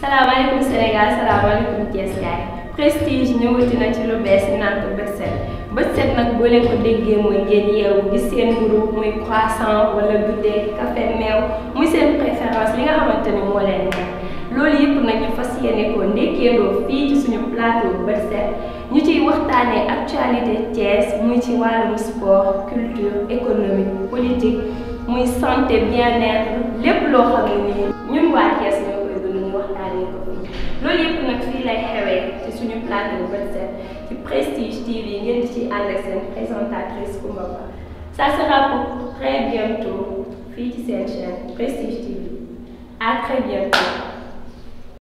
salaamaaleykum Sénégal salaamaaleykum Thiès gaay prestige ñëwati na ci lu bees ñu naan ko bët set bët set nag boo leen ko déggee mooy ngeen yeewu gis seen mburu muy croissant wala goûter café meew muy seen préférence li nga xamante ni moo leen neex loolu yëpp nag ñu fas yéene ko ndékkeendoo fii ci suñu plateau bët set ñu ciy waxtaanee actualité Thiès muy ci wàllum sport culture économique politique muy santé bien-être lépp loo xam ne nii loolu yëpp nag fii lay xewee ci suñu plateau Webzem ci Prestige TV ngeen di ci ànd ak seen présentatrice Coumba Ba ça sera pour très bientôt fii ci seen chaîne Prestige TV à très bientôt.